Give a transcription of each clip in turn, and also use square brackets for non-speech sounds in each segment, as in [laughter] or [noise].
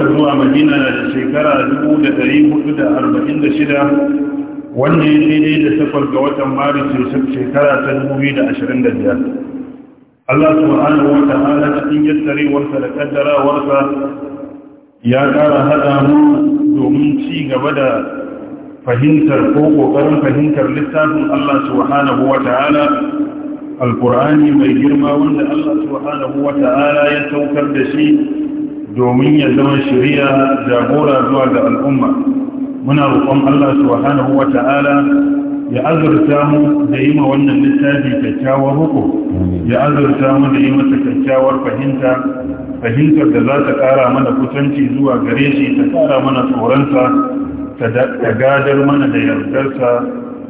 zuwa madina na shekara shida, wanda ya daidai da safar ga watan maris shekara ta dubu biyu da da ashirin biyar. Allah subhanahu wa ta'ala cikin yattarewarsa da kaddarawarsa ya ƙara haɗa mu domin ci gaba da fahimtar ko ƙoƙarin fahimtar littafin Allah subhanahu wa ta'ala alƙur'ani mai girma wanda Allah subhanahu wa ta'ala ya saukar da shi domin ya zama shari'a jagora zuwa ga al'umma muna roƙon Allah subhanahu ta'ala ya azurta mu da yi ma wannan littafi kyakkyawar huku, ya azurta mu da yi masa kyakkyawar fahimta fahimtar da za ta ƙara mana kusanci zuwa gare shi ta ƙara mana tsoronsa ta gadar mana da yardarsa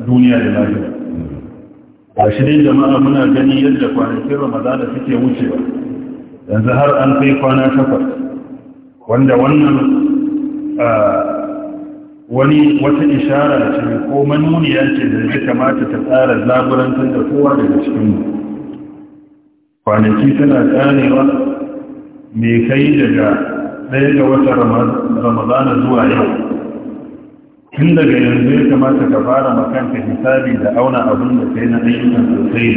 duniya da lafiya shi shirin jama'a muna gani yadda kwanakin ramadana suke wucewa yanzu har an kai kwana takwas wanda wannan wani wata ishara ce ko manuniya ce da ya kamata ta tsara laburantar da kowa daga cikinmu kwanaki tana tsanewa mai kai daga ɗaya ga wata ramadana zuwa yau tun daga yanzu ya kamata ka fara makanta hisabi da auna abin da kai na ayyukan sosai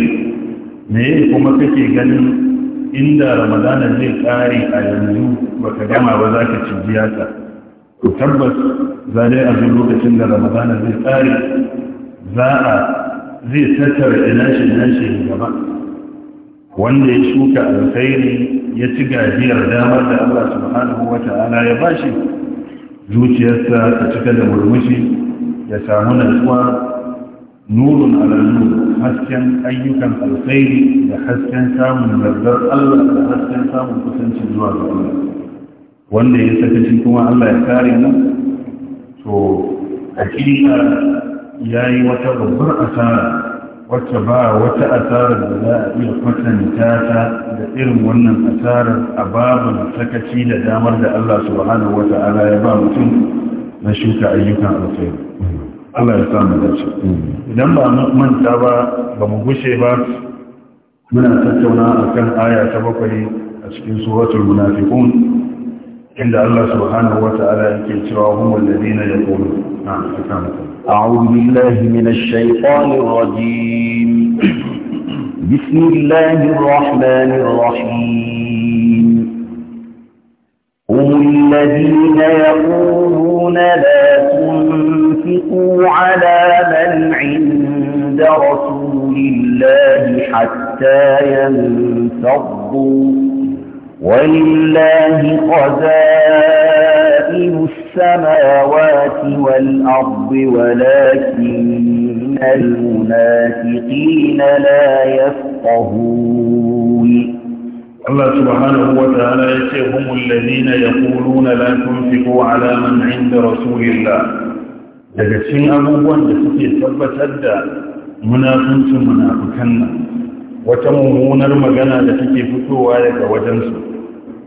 ne kuma kake ganin inda ramadana zai kare a yanzu baka gama ba za ka cijiya ta to tabbas za dai a lokacin da ramadana zai kare za a zai tattara ina shi ina shi gaba wanda ya shuka alkhairi ya ci gajiyar damar da Allah subhanahu wa ta'ala ya bashi zuciyarsa ta cika da murmushi ya samu natsuwa nurun ala hasken ayyukan alfairi, da hasken samun yardar Allah da hasken samun kusanci zuwa ga Allah wanda ya sakaci kuma Allah ya kare mu to hakika yayi wata babbar asara wacce ba wata asarar da za a iya kwatanta ta da irin wannan asarar a babin sakaci da damar da Allah subhanahu wata'ala ya ba mutum na shuka ayyukan alkhairi Allah ya samu dace idan ba manta ba ba mu gushe ba muna tattauna akan aya ta bakwai a cikin suratul munafiqun inda Allah subhanahu wata'ala yake cewa hum alladhina yaqulun a'udhu billahi minash shaitanir rajim bismillahir rahmanir rahim هم الذين يقولون لا على من عند رسول الله حتى ينفضوا ولله خزائن السماوات والأرض ولكن المنافقين لا يفقهون الله سبحانه وتعالى يسيهم الذين يقولون لا تنفقوا على من عند رسول الله daga cikin abubuwan da suke tabbatar da munafuncin munafukan nan wata mummunar magana da take fitowa daga wajensu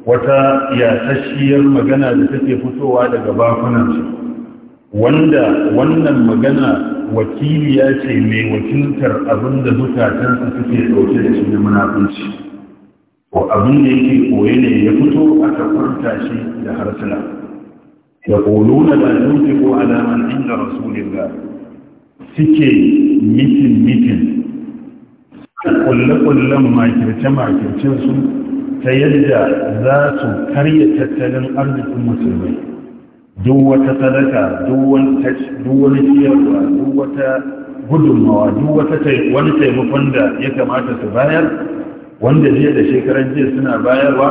wata yasasshiyar magana da take fitowa daga bakunansu wanda wannan magana wakiliya ce mai wakiltar abin da zukatansa suke ɗauke da shi na munafunci ko abin da yake koye ne ya fito aka furta shi da harsuna Da yaquluna la tunfiqu ala man inda rasulillah suke mitin mitin kulle-kullen makirce-makircin su ta yadda za su karya tattalin arzikin musulmai duk wata sadaka duk wani ciyarwa duk wata gudunmawa duk wani taimakon da ya kamata su bayar wanda jiya da shekaran jiya suna bayarwa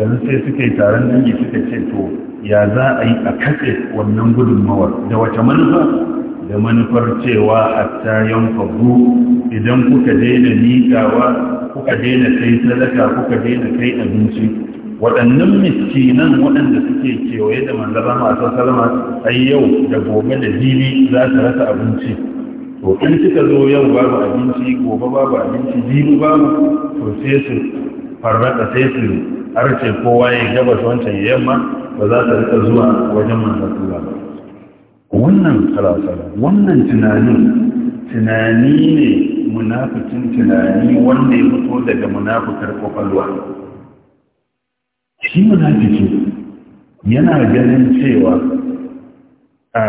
yanzu sai suka yi taron dangi suka ce to ya za a yi a kafe wannan gudunmawar da wata manufa da manufar cewa a hatta yanfabu idan kuka daina nikawa kuka daina kai sadaka kuka daina kai abinci waɗannan miskinan waɗanda suke kewaye da manzara masu salama yau da gobe da jibi za su rasa abinci to in suka zo yau babu abinci gobe babu abinci jibi babu to sai su farraka sai su arce kowa ya gabas wancan yamma ba za ta rika zuwa wajen manzan ba wannan sarasara wannan tunanin tunani ne munafikin tunani wanda ya fito daga munafikar kwakwalwa shi munafiki yana ganin cewa a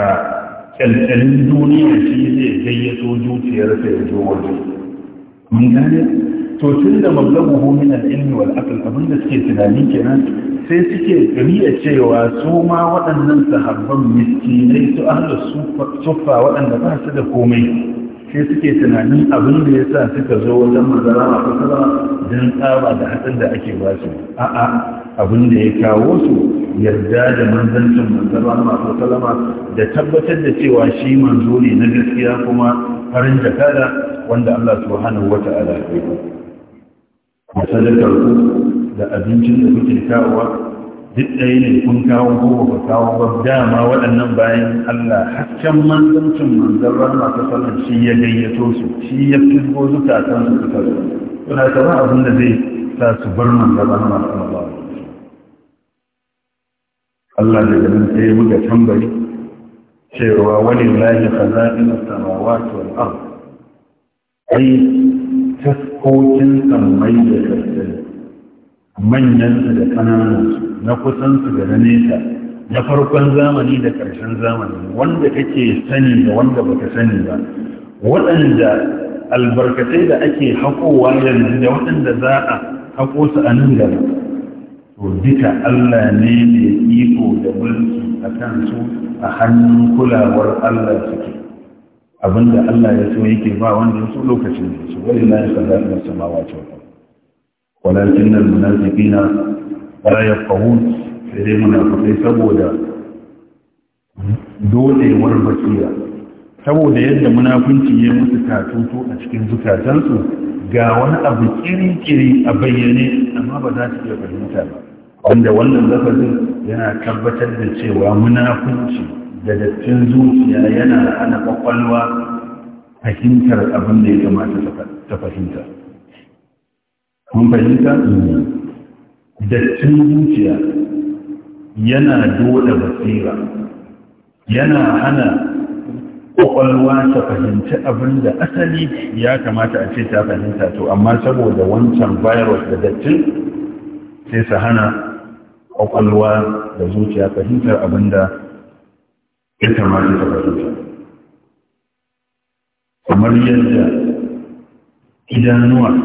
kyalkyalin duniya shi zai gayyato zuciyarsa ya zo waje mun gane to tun da mablaguhu min al-ilmi wal abin da suke tunani kenan sai suke riya cewa su ma waɗannan sahabban miskinai su ahlu suffa waɗanda ba su da komai sai suke tunanin abin da ya sa suka zo wajen mazara a kusurwa don tsaba da hatsin da ake ba su a'a abin da ya kawo su yarda da manzancin manzara masu kusurwa da tabbatar da cewa shi manzo ne na gaskiya kuma farin jakada wanda Allah subhanahu wata'ala ya da sadakar ku da abincin da kuke kawowa duk ɗaya ne kun kawo ko ba kawo ba dama waɗannan bayan Allah hasken manzancin manzan rana ta sallar shi ya gayyato su shi ya fisgo zukatan su suka zo suna kama abin da zai sa su bar manzan rana sallallahu Allah da ganin sai ya buga tambari cewa wani lahi khaza'in as-samawati wal ard ai fuskokin sammai da kassai manyansu da ƙananansu na kusansu da na nesa na farkon zamani da ƙarshen zamani wanda kake sani da wanda baka sani ba waɗanda albarkatai da ake haƙowa yanzu da waɗanda za a haƙo su a nan gaba to duka Allah ne mai iko da mulki a su a hannun kulawar Allah suke abinda Allah ya so yake ba wanda ya so lokacin da su wani na yasa da na sama wace wata walakin nan munafiqina la sai dai munafiqai saboda dolewar basira saboda yadda munafunci ya musu tatutu a cikin zukatansu ga wani abu kirkiri a bayyane amma ba za su iya fahimta ba wanda wannan lafazin yana tabbatar da cewa munafunci da dattin zuciya yana hana kwakwalwa fahimtar abin da ya kamata ta fahimta kun fahimta dattin zuciya yana doda basira yana hana kwakwalwa ta fahimci abin da asali ya kamata a ce ta fahimta to amma saboda wancan virus da dattin sai sa hana kwakwalwa da zuciya fahimtar abin da kamar yadda idanuwa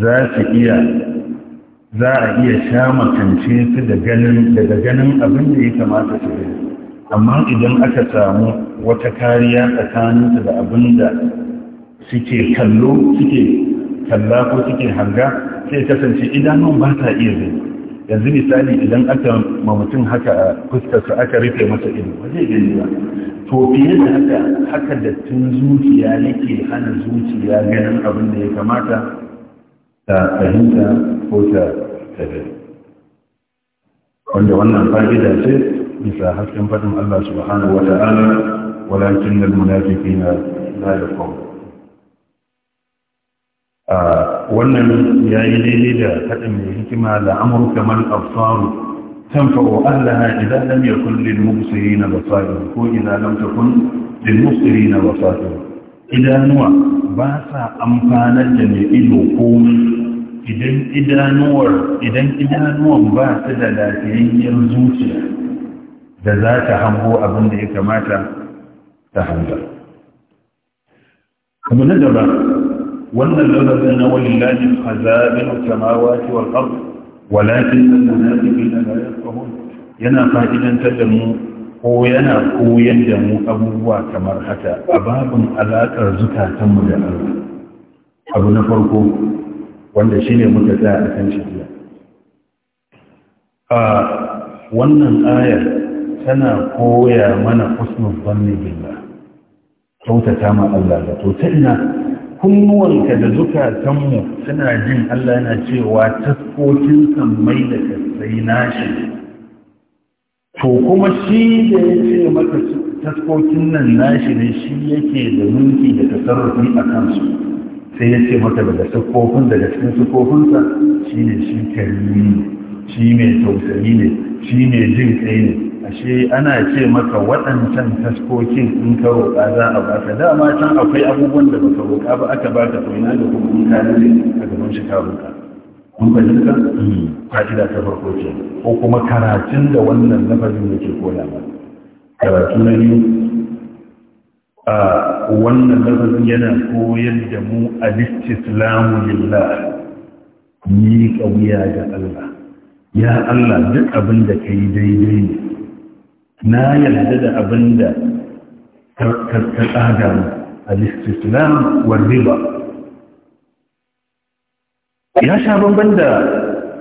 za a iya sha makance su daga ganin abin da ya kamata su gani amma idan aka samu wata kariya tsakaninsu da abin da suke kallo suke kalla ko suke hanga sai kasance idanun ba ta iya zai yanzu misali idan aka ma mutum haka a fuskarsa aka rufe masa ido waje zai gani ba to fiye da haka haka dattin zuciya yake hana zuciya ganin abin da ya kamata ta fahimta ko ta tafi wanda wannan fa'ida ce bisa hasken fadin Allah subhanahu wa ta'ala walakin na, munafiqina la yaqum ah, wannan ya yi daidai da faɗin mai hikima da amurka man absaru tanfa'u ahlaha idan lam yakun lil mubsirina basair ko idan lam takun lil mubsirina basair idanuwa ba sa amfanar da mai ido ko idan idanuwar idan idanuwan ba su da lafiyayyar zuciya da za ta hango abin da ya kamata ta hanga abu na gaba wannan lafazin na walillahi khazabin samawati wal ard walakin al-munafiqina la yafqahun yana fa'idantar da mu ko yana koyar da mu abubuwa kamar haka a babin alaƙar zukatanmu da Allah abu na farko wanda shi ne muka tsaya a kan shirya a wannan ayar tana koya mana husnul zanni billah kyautata ma Allah da to ta ina kunnuwanka da zukatanmu suna jin Allah yana cewa taskokin sammai da kasai nashi to kuma shi da ya ce maka taskokin nan nashi ne shi yake da mulki da tasarrufi a kansu sai ya ce maka daga sukofin daga cikin sukofinsa shi ne shi karimi ne shi mai tausayi ne shi ne jin kai ne ashe ana ce maka waɗancan taskokin in ka roƙa za a baka dama can akwai abubuwan da baka roƙa ba aka baka to ina da kuma in ka ne a gaban shi ka roƙa kun fahimta fa'ida ta farko ce ko kuma karatun da wannan lafazin yake koya ba karatu na biyu a wannan lafazin yana koyar da mu al lillah ni ƙauya ga Allah ya Allah duk abin da ka yi daidai ne na yarda da abin da ka tsaga al-istislam wa riba ya sha banban da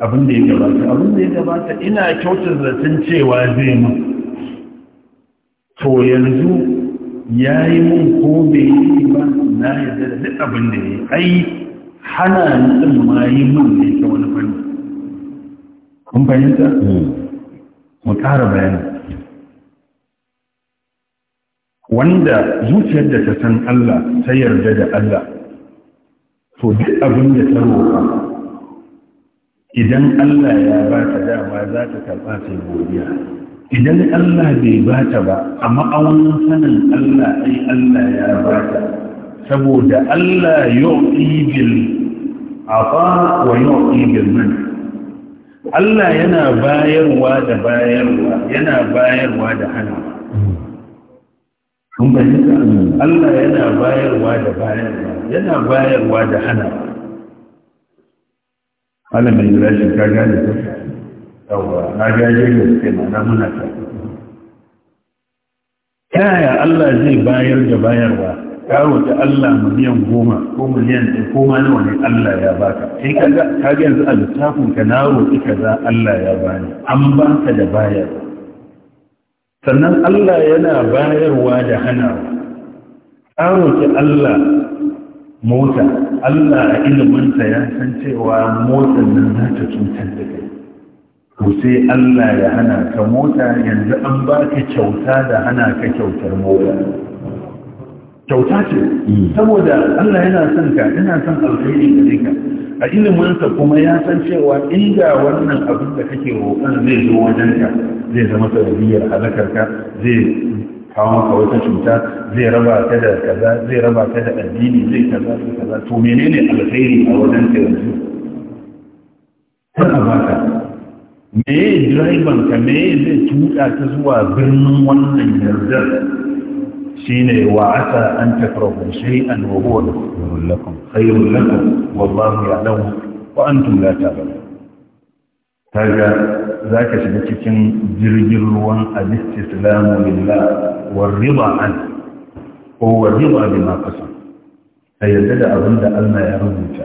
abin da ya gabata abin da ya gabata ina kyautar zaton cewa zai mun to yanzu ya yi mun ko bai yi ba na yarda da duk abin da ya yi ai hana nutsin ma yi mun ne ta wani fanni kun fahimta hmm. mu ƙara bayani wanda zuciyar da ta san Allah ta yarda da Allah to duk abin da ta roƙa idan Allah ya ba ta dama za ta karɓa sai godiya idan Allah bai ba ta ba a ma'aunin sanin Allah ai Allah ya ba ta saboda Allah yu'ti bil afa wa yu'ti bil man Allah yana bayarwa da bayarwa yana bayarwa da hanawa kun fahimta Allah yana bayarwa da bayarwa yana bayarwa da hana Allah mai jira shi ka gane ta yawa na gaje da sai mana muna ta yaya Allah zai bayar da bayarwa ka roƙi Allah miliyan goma ko miliyan ɗaya ko ma nawa ne Allah ya baka sai ka ga yanzu a littafin ka na roƙi kaza Allah ya bani an ka da bayarwa sannan Allah yana bayarwa da hana tsaroki Allah mota Allah a iliminsa ya san cewa motar nan za ta cutar da kai to sai Allah ya hana ka mota yanzu an ba ka kyauta da hana ka kyautar mota kyauta ce hmm. saboda Allah yana son ka yana son alkhairi gare ka a iliminsa kuma ya san cewa inda wannan abin da kake roƙon zai zo wajenka zai zama sanadiyar halakarka zai kawo maka wata cuta zai raba ka da kaza zai raba ka da addini zai kaza zai kaza to menene alheri a wajenka yanzu Kuna baka me driver ka me zai tuka ta zuwa birnin wannan yardar شيني وعسى أن تكرهوا شيئا وهو خير لكم خير لكم والله يعلم وأنتم لا تعلمون هذا ذاك شبكة جرجر وان الاستسلام لله والرضا عنه هو الرضا بما قسم هيا بدا اظن ده الما يا رب انت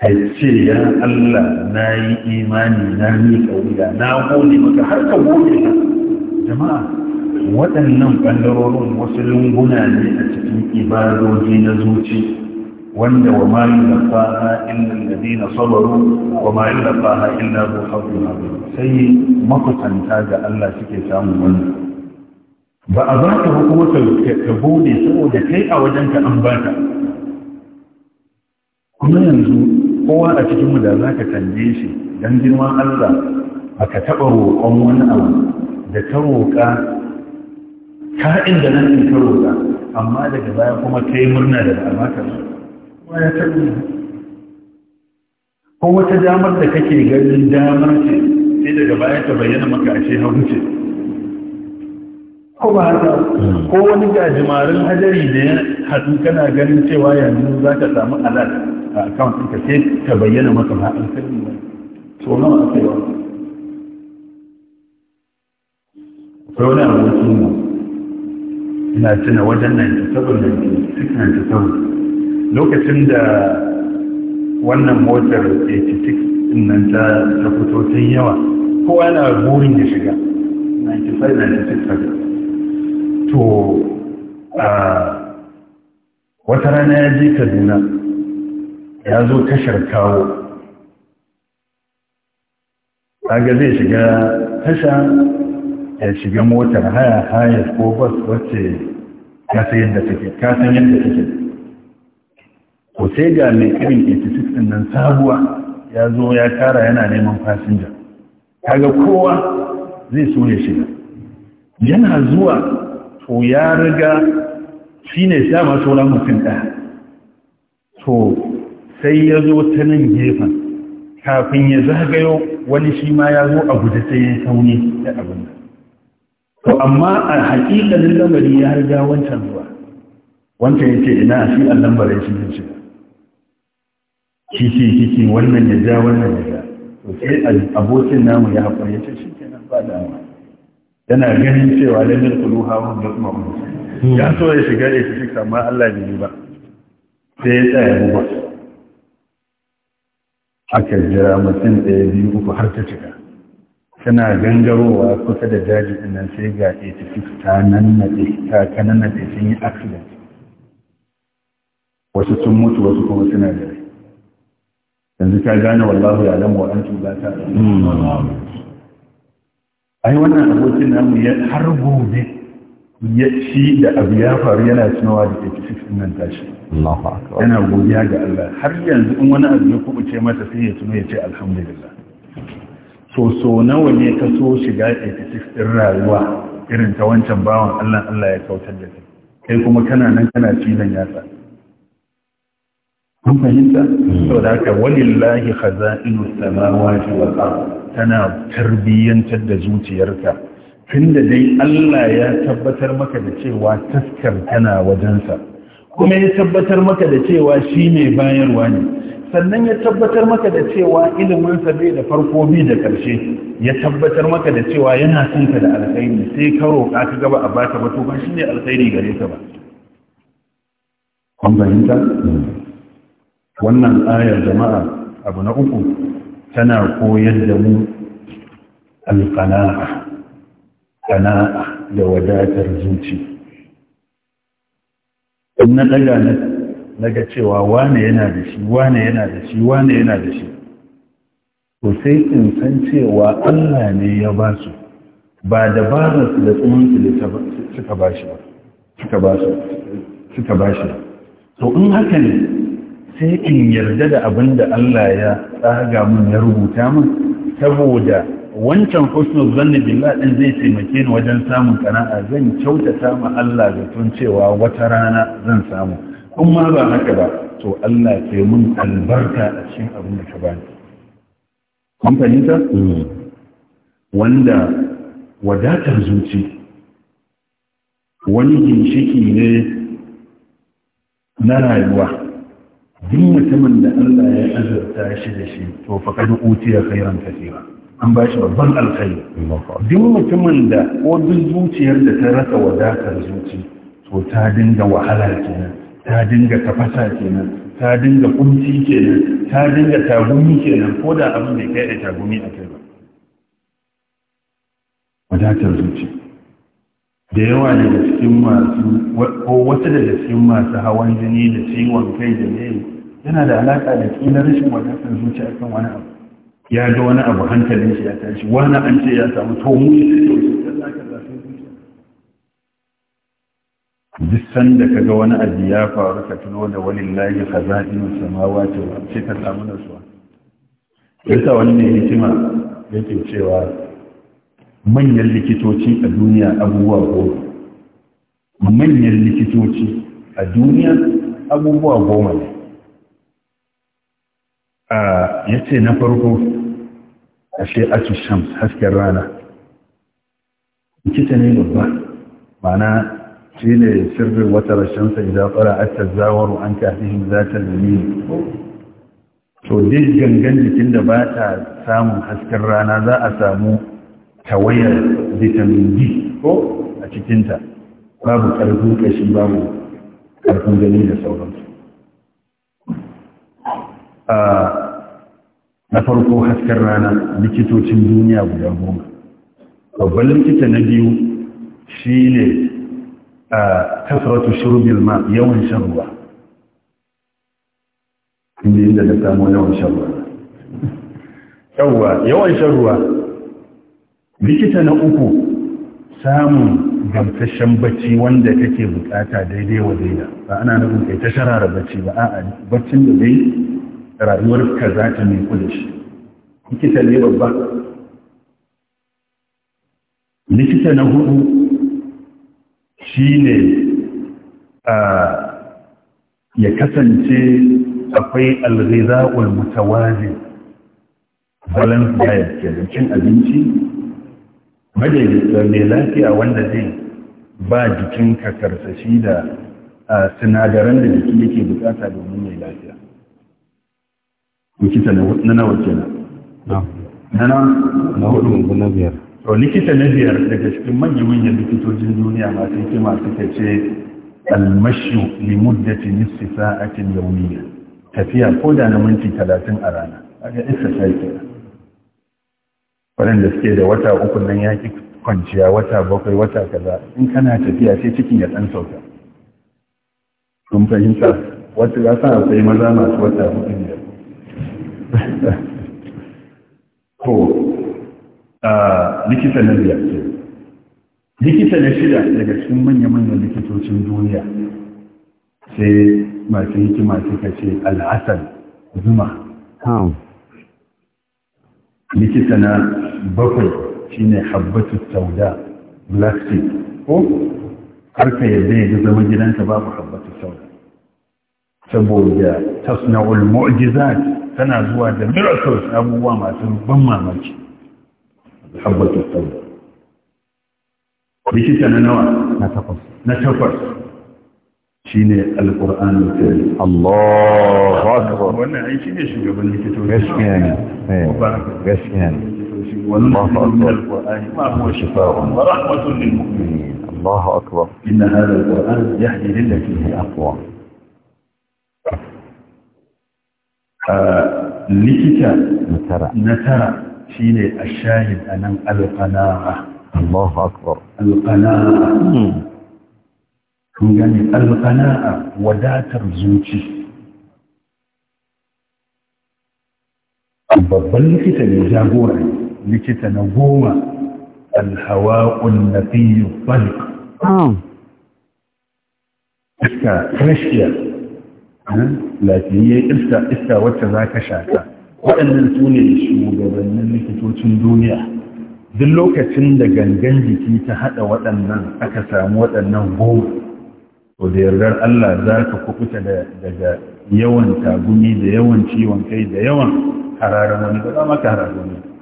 هيا يا الله ناي ايماني ناي قولي ناقولي مكا حتى قولي جماعه waɗannan ɓangarorin wasu lunguna ne a cikin ibadoji na zuci wanda wa ma yi lafaha illa lalazi na sabaru wa ma yi lafaha illa zo haɗu na sai makusanta ga Allah suke samun wannan ba a ba ta kuma ta gode saboda kai a wajenka an ba ta kuma yanzu kowa a cikinmu da za ka canje shi don girman Allah ba ka taɓa roƙon wani abu da ta roƙa ka inda nan in karo da, amma daga baya kuma ka yi murna da ba ka kuma ya taɓa ko wata damar da kake ganin damar ce sai daga baya ta bayyana maka ce hagu ce ko ba haka ko wani gajimarin hajari da ya haɗu kana ganin cewa yanzu za ka samu alat a account ɗinka sai ta bayyana maka ba an sani ba so nawa aka yi wa akwai wani abokin mu na tuna wajen 97 lokacin da wannan motar 86 nan ta fito tun yawa ko ana burin ya shiga 95-96 to a wata rana ya je kaduna ya zo tashar kawo a ga zai shiga tasha ya shiga motar haya haya ko bas wacce kasan yadda take kasan yadda take ko sai ga mai irin 86 nan sabuwa ya zo ya kara yana neman fasinja kaga kowa zai so ya shiga yana zuwa to ya riga shi ne sha masu sauran mutum ɗaya to sai ya zo ta nan gefen kafin ya zagayo wani shi ma ya zo a guje sai ya sauni da abin da. to amma a haƙiƙanin lamari ya harga wancan zuwa wancan yake ina a fi'an lambarin shi ne shiga kiki kiki wannan ya ja wannan ya ja to sai abokin namu ya haƙura ya ce shi nan ba da amma yana ganin cewa lamar kulu hawan da kuma ya so ya shiga ya shi amma Allah bai yi ba sai ya tsaya buba aka jira mutum ɗaya biyu uku har ta cika tana gangarowa kusa da daji nan sai ga 86 ta nan naɗe ta kanan naɗe sun yi accident wasu sun mutu wasu kuma suna da rai yanzu ta gane wallahu ya lamu wa an ba ta ai wannan abokin namu ya har gobe ya ci da abu ya faru yana tunawa da 86 din nan tashi yana godiya ga Allah har yanzu in wani abu ya kubuce masa sai ya tuno ya ce alhamdulillah soso nawa ne ka so shiga 86 ɗin rayuwa irin ta wancan bawan Allah Allah ya kautar da kai kai kuma kana nan kana cizon yasa kun fahimta sau da haka walillahi khaza'inu samawati wal ard tana tarbiyyantar da zuciyarka da dai Allah ya tabbatar maka da cewa taskar tana wajensa kuma ya tabbatar maka da cewa shi mai bayarwa ne sannan ya tabbatar maka da cewa iliminsa bai da farko bi da karshe ya tabbatar maka da cewa yana son ka da alkhairi sai ka ka gaba a baka ba to ba ne alkhairi gare ka ba kun fahimta wannan ayar jama'a abu na uku tana koyar da mu alqana'a qana'a da wadatar zuci in na daga na Naga cewa wane yana da shi wane yana da shi wane yana da shi to sai in san cewa Allah ne ya ba su ba dabarar da tsumansu da suka ba shi ba suka ba su suka ba shi to in haka ne sai in yarda da abin da Allah ya tsaga min ya rubuta min saboda wancan husnul zanni billah din zai taimake ni wajen samun kana'a zan kyautata ma Allah zaton cewa wata rana zan samu kuma ba haka ba to Allah ke mun albarka a cikin abin da ka bani kun fahimta wanda wadatar zuci wani ginshiki ne na rayuwa duk mutumin da Allah ya azurta shi da shi to faqad utiya khairan kaseera an ba shi babban alkhairi duk mutumin da ko duk zuciyar da ta rasa wadatar zuci to ta dinga wahala kenan ta dinga tafasa kenan ta dinga kunci kenan ta dinga tagumi kenan ko da abin da kai da tagumi a kai ba wadatar zuci da yawa daga cikin masu ko wasu daga cikin masu hawan jini da ciwon kai da ne yana da alaka da kila rashin wadatar zuci a kan wani abu ya ga wani abu hankalin shi ya tashi wani an ce ya samu to mu duk da ka ga wani abu ya faru ka tuno da walillahi khaza'inu samawati wa ce ka samu suwa yasa wani ne hikima yake cewa manyan likitoci a duniya abubuwa goma manyan likitoci a duniya abubuwa goma ne a yace na farko ashe atu shams hasken rana likita ne babba ma'ana Shi ne sirrin wata rashin sa idan tsara atta zawaru an tahdihim zata yamin to duk gangan jikin da ba ta samun hasken rana za a samu tawayar vitamin D ko a cikinta babu ƙarfin ƙashi babu ƙarfin gani da sauransu na farko hasken rana likitocin duniya guda goma babban likita na biyu shi ne kasratu shurbil ma yawan shan ruwa inda inda da samu yawan shan ruwa yawa yawan shan ruwa likita na uku samun gamsashen bacci wanda kake bukata daidai wa daida ba ana nufin kai ta sharara bacci ba a'a baccin da dai rayuwar ka za ta mai kula shi likita ne babba likita na hudu Shi ne ya kasance akwai alghiza'ul mutawazi balance diet ke cin abinci mai lafiya wanda zai ba jikinka karsashi da sinadaran da jiki yake bukata domin mai lafiya na nawa na na hudu na biyar to likita na biyar daga cikin manyan manyan likitocin duniya masu hikima suka ce almashu li muddati nisfi sa'atin yawmiyya tafiya ko da na minti 30 a rana kaga exercise kenan waɗanda suke da wata uku nan ya ki kwanciya wata bakwai wata kaza in kana tafiya sai cikin ya ɗan sauka kun fahimta wata ya sa akwai maza masu wata hudu biyar [laughs] likita na biyar likita na shida daga cikin manya-manyan likitocin duniya sai masu hikima suka ce al'asar zuma likita na bakwai shine habbatu sauda black seed ko ka yadda ya zama gidanta babu habbatu sauda saboda tasna'ul mu'jizat tana zuwa da miracles abubuwa masu ban mamaki حبة التوبة بيش تنانوا نتقص نتقص شين القرآن الكريم الله أكبر وانا عين شين يشجع بل يتتوشي غش القرآن ما ورحمة للمؤمنين الله أكبر إن هذا القرآن يهدي للتي هي أقوى نتيجة آه، نترى نترى shine ashahid anan alqana'a Allahu akbar alqana'a kun gani alqana'a wadatar zuci babban likita ne jagora likita na goma alhawa'un nafiyyu balq iska fresh air lafiyayyen iska iska wacce za ka shaka waɗannan su ne shugabannin likitocin duniya duk lokacin da gangan jiki ta haɗa waɗannan aka samu waɗannan goma to da yardar Allah za ka kuɓuta daga yawan tagumi da yawan ciwon kai da yawan hararar wani ba za maka hararar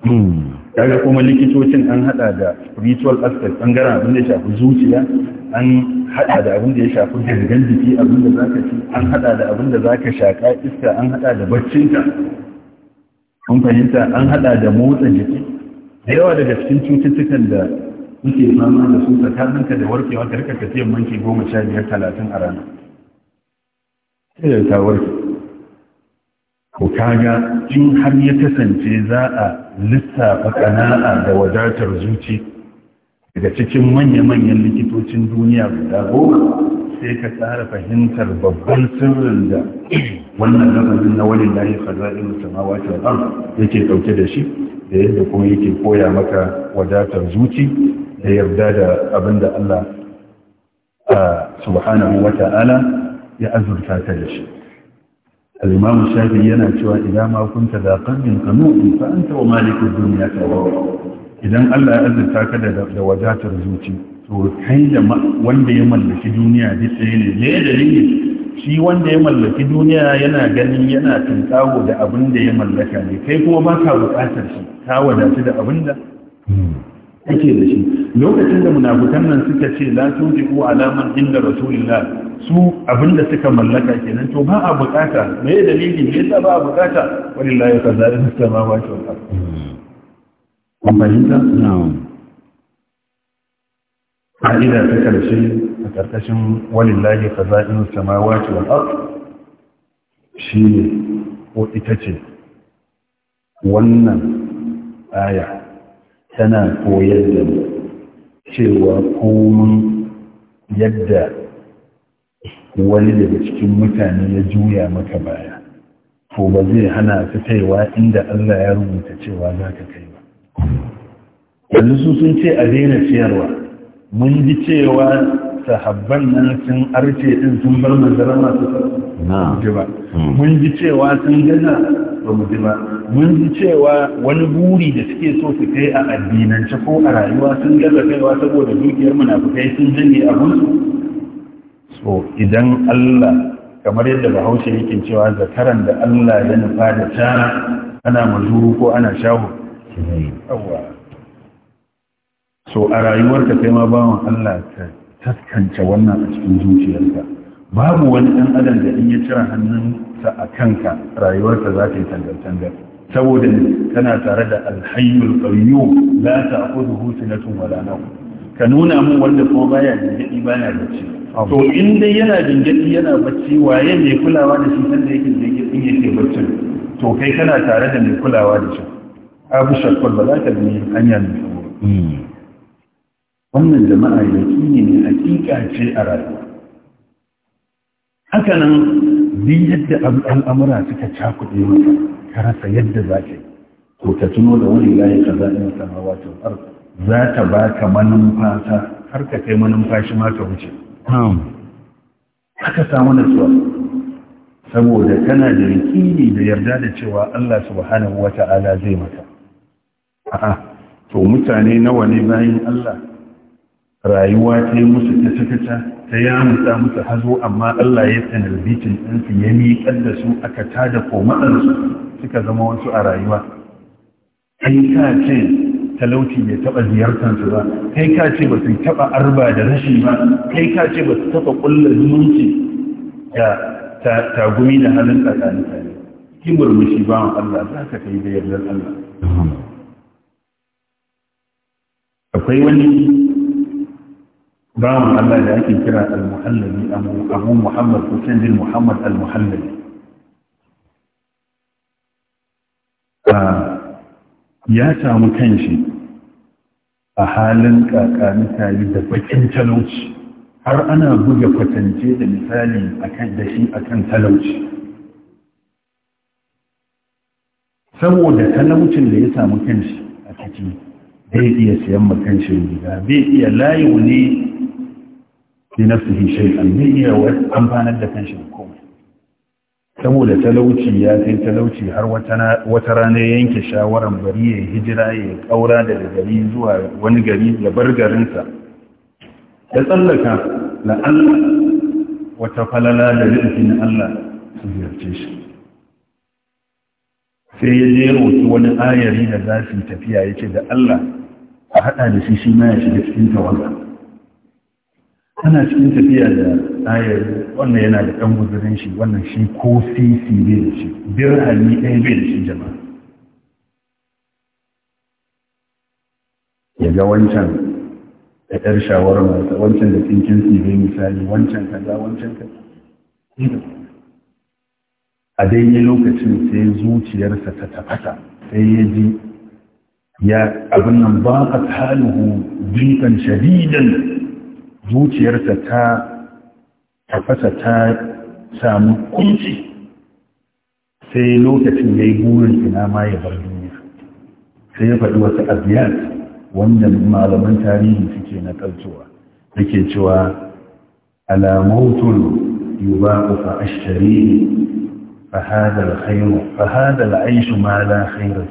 wani kuma likitocin an haɗa da spiritual aspect bangaren abin da ya shafi zuciya an haɗa da abin da ya shafi gangan jiki abin da zaka ci an hada da abin da zaka shaka iska an haɗa da baccinka kun fahimta an haɗa da motsa jiki da yawa daga cikin cututtukan da muke fama da su tsakaninka da warkewa ka rika tafiyan manki goma sha biyar talatin a rana sai da ta warke ko kaga in har ya kasance za a lissafa kana'a da wadatar zuci daga cikin manya-manyan likitocin duniya guda goma sai ka tsara fahimtar babban sirrin da wannan lafazin na wani lahi khaza'in samawati wal ard yake dauke da shi da yadda kuma yake koya maka wadatar zuci da yarda da abinda Allah subhanahu wa ta'ala ya azurta ta da shi al-imam shafi yana cewa idan ma kunta da qalbin qanu'in fa anta wa malikud dunya idan Allah ya azurta ka da wadatar zuci to kai da wanda ya mallaki duniya duk ne ne da ne shi wanda ya mallaki duniya yana ganin yana tuntawo da abin da ya mallaka ne kai kuma ba ka bukatar shi ka wadatu da abin da kake da shi lokacin da munafukan nan suka ce la ji ala alamar inda rasulillah su abinda suka mallaka kenan to ba a bukata me dalilin me yasa ba a bukata wallahi kazalika ba. wal ardh kun bayyana na'am fa'ida ta karshe a ƙarƙashin walillahi faza'in samawati wal Shi shine ko ita ce wannan aya tana koyar da cewa cewa komun yadda wani daga cikin mutane ya juya maka baya ko ba zai hana su kaiwa inda Allah ya rubuta cewa za ka kai ba yanzu su sun ce a daina ciyarwa mun ji cewa sahabban nan sun arce din sun bar manzara masu ji ba hmm. mun ji cewa sun gaza ba mu ji ba mun ji cewa wani buri da suke so su kai a addinance ko a rayuwa sun gaza kaiwa saboda dukiyar munafukai sun janye gunsu so idan Allah kamar yadda bahaushe yake cewa zakaran da Allah ya nufa da tara ana mazuru ko ana shahu so a rayuwar ka kai ma bawan Allah ta. taskance wannan a cikin zuciyarka babu wani ɗan adam da in ya cira hannunsa a kanka rayuwarka za ta yi tangar Saboda saboda kana tare da alhayyul qayyum la ta'khudhuhu sinatun wala nawm ka nuna mun wanda ko baya dingadi baya ci. to in dai yana dingadi yana bacci waye ne kulawa da shi sanda yake dingadi yake bacci to kai kana tare da mai kulawa da shi abu shakkar ba za ka bi hanya mai wannan jama'a yakini ne hakika ce a rayuwa haka nan yadda al'amura suka cakuɗe masa ka rasa yadda za ka yi to tuno da wani layi ka za in samawa ta har za ta ba ka manumfasa har ka kai manumfashi ma ka wuce haka samu nasuwa saboda kana da yaƙini da yarda da cewa Allah subhanahu ala zai maka a'a to mutane nawa ne bayan Allah rayuwa ta yi musu ta sakata ta yamuta musu hazo amma Allah ya tsanar bikin ɗansu, ya miƙar da su aka tada komaɗansu suka zama wasu a rayuwa kai ka ce talauci bai taɓa su ba kai ka ce ba su taɓa arba da rashi ba kai ka ce ba su taɓa ƙulla zumunci da tagumi da halin tsakanin tsakanin ki murmushi ba Allah za ka kai da yardar Allah akwai wani bawan Allah da ake kira al-muhallabi abu muhammad hussein bin muhammad al-muhallabi ah, ya samu kanshi a halin kakani tare da bakin talauci har ana buga kwatance da misali da shi akan talauci saboda talaucin da ya samu kanshi a ciki zai iya siyan makanshi riga zai iya layu ne fi nafsihi shay'an zai iya amfanar da kanshi da komai saboda talauci ya kai talauci har wata rana yanke shawarar bari ya hijira ya kaura daga gari zuwa wani gari ya bar garinsa ya tsallaka na Allah wata falala da rufin Allah su ziyarce shi sai ya je roki wani ayari da za su tafiya ya ce da Allah a haɗa da shi shi ma ya shiga cikin tawaga ana cikin tafiya da ayar wannan yana da ɗan guzurin shi wannan shi ko sisi bai da shi birhani ɗaya bai da shi jama'a ya ga wancan da ɗar shawarar masa wancan da tsinkin tsibai misali wancan kaza wancan kaza a daidai lokacin sai zuciyarsa ta tafasa sai ya ji ya abin nan ba a taluhu jikan shadidan zuciyarsa ta tafasa ta samu kunci sai lokacin ya yi burin ina ma ya bar duniya sai ya faɗi wasu abiyat wanda malaman tarihi suke na kalcewa yake cewa alamautul yuba fa ashari fa hada al-khayr fa hada al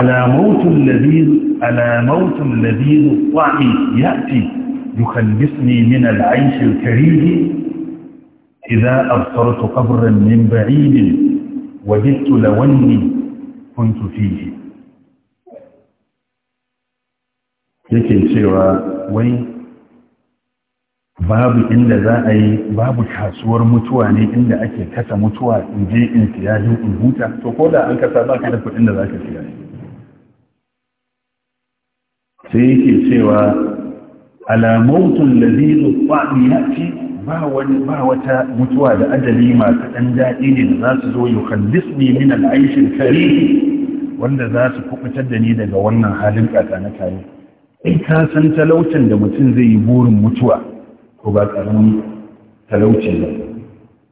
ألا موت اللذيذ ألا موت اللذيذ الطعم يأتي يخلصني من العيش الكريه إذا أبصرت قبرا من بعيد وجدت لو أني كنت فيه yake cewa wai babu inda za a yi babu kasuwar mutuwa ne inda ake kasa mutuwa in je in siya in huta to ko da an kasa ba ka da kuɗin da za ka siya sai yake cewa alamautun lazizu fa'in ya ce ba wata mutuwa da ajali masu ɗan daɗi ne da za su zo yi kandis ne min al'aishin kare wanda za su kubutar da ni daga wannan halin ƙasa na kare in ka san talaucin da mutum zai yi burin mutuwa ko ba ƙaramin talauci ba